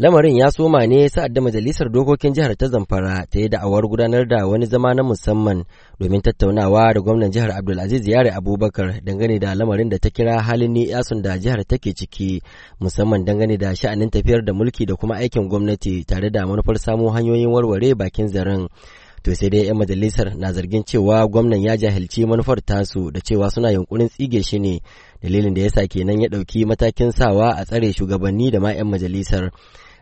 Lamarin ya soma ne sa'ad da Majalisar Dokokin Jihar ta Zamfara ta yi da'awar gudanar da wani zama na musamman domin tattaunawa da gwamnan jihar Abdulaziz Yare Abubakar dangane da lamarin da ta kira halin yasun da jihar take ciki musamman dangane da sha'anin tafiyar da mulki da kuma aikin gwamnati tare da manufar samo hanyoyin warware bakin zaren. to sai dai 'yan majalisar na zargin cewa gwamnan ya jahilci manufar tasu da cewa suna yunkurin tsige shi ne dalilin da ya yasa kenan ya ɗauki matakin sawa a tsare shugabanni da ma 'yan majalisar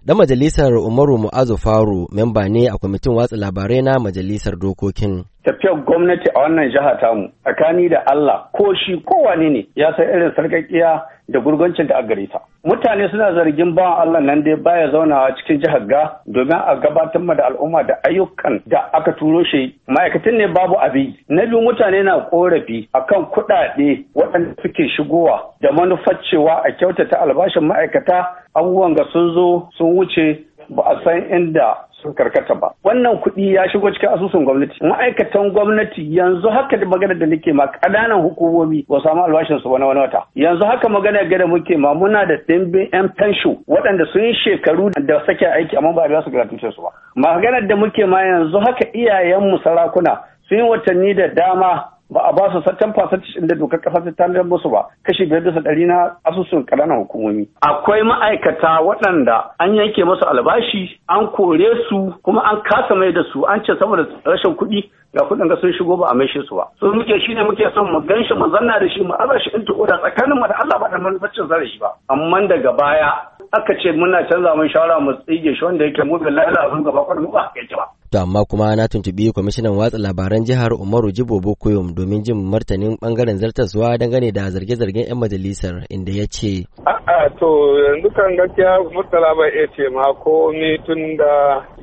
Dan majalisar Umaru Mu'azu Faru memba ne a kwamitin watsa labarai na majalisar dokokin. tafiyar gwamnati a wannan jiha tamu tsakani da Allah ko shi wani ne ya san irin sarkakkiya da gurgancin da a gare ta. Mutane suna zargin bawan Allah nan dai baya zaunawa cikin jihar ga domin a gabatar ma da al'umma da ayyukan da aka turo shi ma'aikatan ne babu abi. Na biyu mutane na korafi akan kuɗaɗe waɗanda suke shigowa da manufar cewa a kyautata albashin ma'aikata abubuwan ga sun zo sun wuce ba a san inda sun karkata ba wannan kuɗi ya shigo cikin asusun gwamnati ma'aikatan gwamnati yanzu haka da magana da nake ma ƙananan hukumomi ba samu albashin su wani wani wata yanzu haka magana gada muke ma muna da dimbin yan fensho waɗanda sun yi shekaru da sake aiki amma ba a biya su gratuitous ba maganar da muke ma yanzu haka iyayenmu sarakuna sun yi watanni da dama ba a basu su sattan fasantis inda dokar kasa ta tanadar musu ba kashi biyar da ɗari na asusun ƙananan hukumomi. Akwai ma'aikata waɗanda an yanke musu albashi an kore su kuma an kasa mai da su an ce saboda rashin kuɗi ga kuɗin ga sun shigo ba a maishe su ba. So muke shi ne muke son mu gan mu zanna da shi mu aza shi in da tsakanin mu da Allah ba da manufacin shi ba. Amma daga baya aka ce muna canza mun shawara mu tsige shi wanda yake mu billahi abun gaba kwarmu mu ba yake ba. To amma kuma na tuntubi kwamishinan watsa labaran jihar Umaru Jibo Bokoyom domin jin martanin bangaren zartaswa dangane da zarge-zargen 'yan majalisar inda ya ce. A'a to yanzu kan gaskiya Murtala bai iya ce ma komi tun da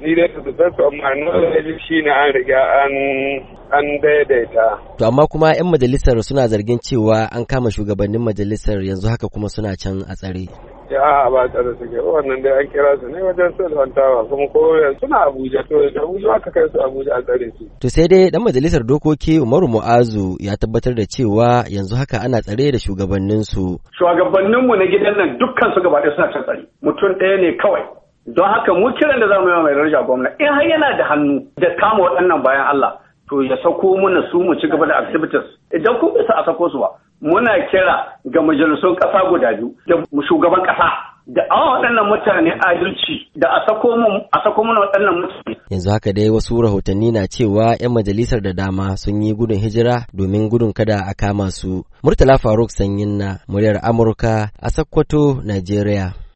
ni da su zartu amma shi ne an riga an an daidaita. To amma kuma 'yan majalisar suna zargin cewa an kama shugabannin majalisar yanzu haka kuma suna can a tsare. ya a ba da suke wannan dai an kira su ne wajen da wantawa kuma ko suna abuja to da abuja aka kai su abuja a tsare su to sai dai dan majalisar dokoki umaru mu'azu ya tabbatar da cewa yanzu haka ana tsare da shugabannin su shugabannin mu na gidan nan dukkan su gaba ɗaya suna can tsare mutum ɗaya ne kawai don haka mu kiran da zamu yi mai daraja gwamnati in har yana da hannu da kama waɗannan bayan Allah to ya sako mana su mu ci gaba da activities idan kun bisa a sako su ba muna kira ga majalisun ƙasa guda biyu da shugaban ƙasa da a waɗannan mutane adalci da a sako mana waɗannan mutane. Yanzu haka dai wasu rahotanni na cewa 'yan majalisar da dama sun yi gudun hijira domin gudun kada a kama su. Murtala Faruk Sanyin na muryar Amurka a Sokoto, Najeriya.